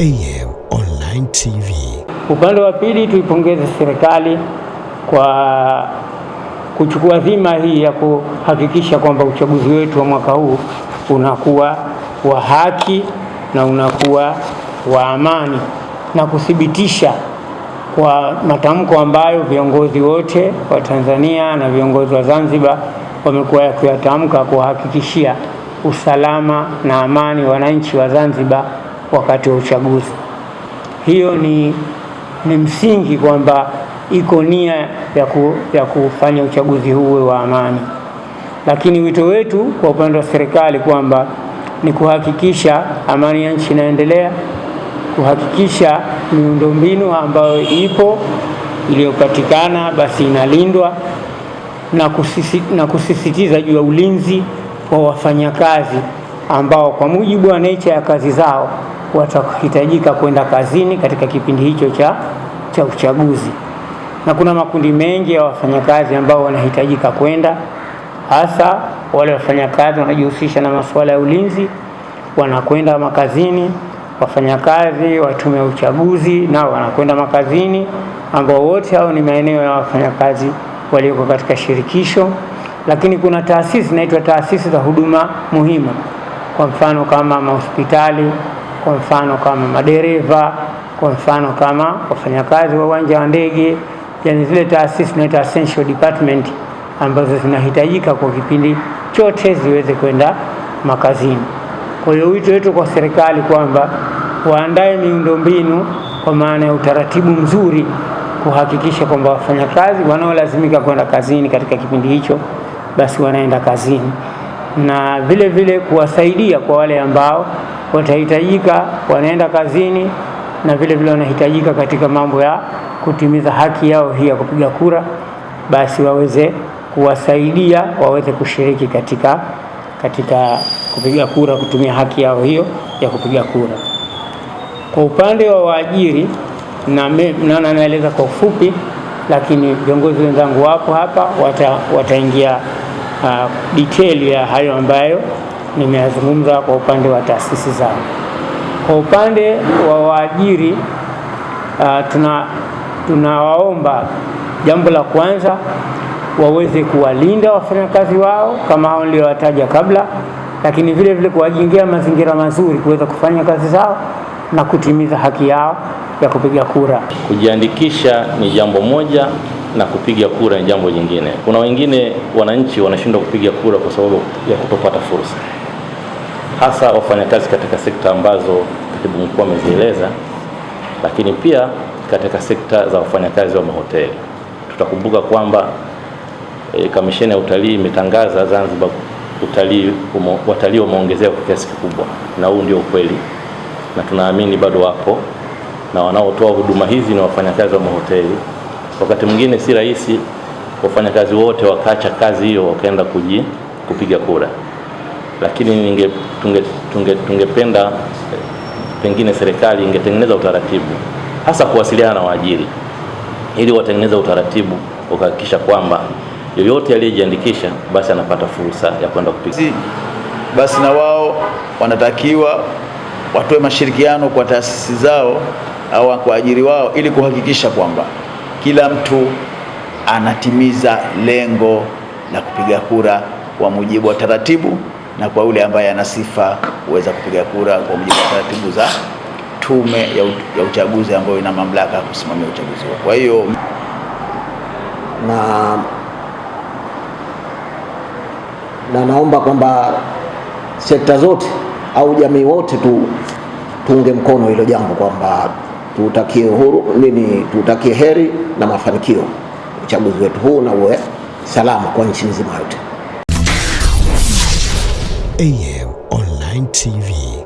AM Online TV. Upande wa pili, tuipongeze serikali kwa kuchukua dhima hii ya kuhakikisha kwamba uchaguzi wetu wa mwaka huu unakuwa wa haki na unakuwa wa amani na kuthibitisha kwa matamko ambayo viongozi wote wa Tanzania na viongozi wa Zanzibar wamekuwa yakuyatamka kuwahakikishia usalama na amani wananchi wa Zanzibar wakati wa uchaguzi. Hiyo ni, ni msingi kwamba iko nia ya, ku, ya kufanya uchaguzi huu wa amani, lakini wito wetu kwa upande wa serikali kwamba ni kuhakikisha amani ya nchi inaendelea, kuhakikisha miundombinu ambayo ipo iliyopatikana basi inalindwa na, kusisi, na kusisitiza juu ya ulinzi wa wafanyakazi ambao kwa mujibu wa nature ya kazi zao watahitajika kwenda kazini katika kipindi hicho cha, cha uchaguzi, na kuna makundi mengi ya wafanyakazi ambao wanahitajika kwenda, hasa wale wafanyakazi wanajihusisha na masuala ya ulinzi, wanakwenda makazini. Wafanyakazi wa tume ya uchaguzi nao wanakwenda makazini, ambao wote hao ni maeneo ya wafanyakazi walioko katika shirikisho. Lakini kuna taasisi zinaitwa taasisi za huduma muhimu, kwa mfano kama mahospitali kwa mfano kama madereva, kwa mfano kama wafanyakazi wa uwanja wa ndege, yani zile taasisi tunaita essential department ambazo zinahitajika kwa kipindi chote ziweze kwenda makazini. Kwa hiyo wito wetu kwa serikali kwamba waandae miundombinu kwa maana ya utaratibu mzuri kuhakikisha kwamba wafanyakazi wanaolazimika kwenda kazini katika kipindi hicho basi wanaenda kazini, na vile vile kuwasaidia kwa wale ambao watahitajika, wanaenda kazini na vile vile wanahitajika katika mambo ya kutimiza haki yao hii ya kupiga kura, basi waweze kuwasaidia waweze kushiriki katika, katika kupiga kura, kutumia haki yao hiyo ya kupiga kura. Kwa upande wa waajiri, na naona naeleza kwa ufupi, lakini viongozi wenzangu wapo hapa, wataingia wata uh, detail ya hayo ambayo nimeyazungumza kwa upande wa taasisi zao. Kwa upande wa waajiri uh, tuna tunawaomba jambo la kwanza waweze kuwalinda wafanyakazi wao kama hao niliowataja kabla, lakini vile vile kuwajengea mazingira mazuri kuweza kufanya kazi zao na kutimiza haki yao ya kupiga kura. Kujiandikisha ni jambo moja na kupiga kura ni jambo jingine. Kuna wengine wananchi wanashindwa kupiga kura kwa sababu ya kutopata fursa hasa wafanyakazi katika sekta ambazo katibu mkuu amezieleza, lakini pia katika sekta za wafanyakazi wa mahoteli. Tutakumbuka kwamba e, kamisheni ya utalii imetangaza Zanzibar utalii watalii wameongezea kwa kiasi kikubwa, na huu ndio ukweli, na tunaamini bado wapo na wanaotoa huduma hizi ni wafanyakazi wa mahoteli. Wakati mwingine si rahisi wafanyakazi wote wakaacha kazi hiyo wakaenda kuji kupiga kura lakini ninge, tunge, tunge, tungependa pengine serikali ingetengeneza utaratibu hasa kuwasiliana na waajiri ili watengeneze utaratibu kuhakikisha kwamba yoyote aliyejiandikisha basi anapata fursa ya kwenda kupiga. Basi na wao wanatakiwa watoe mashirikiano kwa taasisi zao au kwa ajiri wao ili kuhakikisha kwamba kila mtu anatimiza lengo la kupiga kura kwa mujibu wa taratibu na kwa yule ambaye ana sifa huweza kupiga kura kwa mujibu wa taratibu za tume ya uchaguzi ambayo ina mamlaka ya kusimamia uchaguzi huo. Kwa hiyo na, na naomba kwamba sekta zote au jamii wote tu tuunge mkono hilo jambo kwamba tutakie uhuru nini, tutakie heri na mafanikio uchaguzi wetu huu na uwe salama kwa nchi nzima yote. AM Online TV.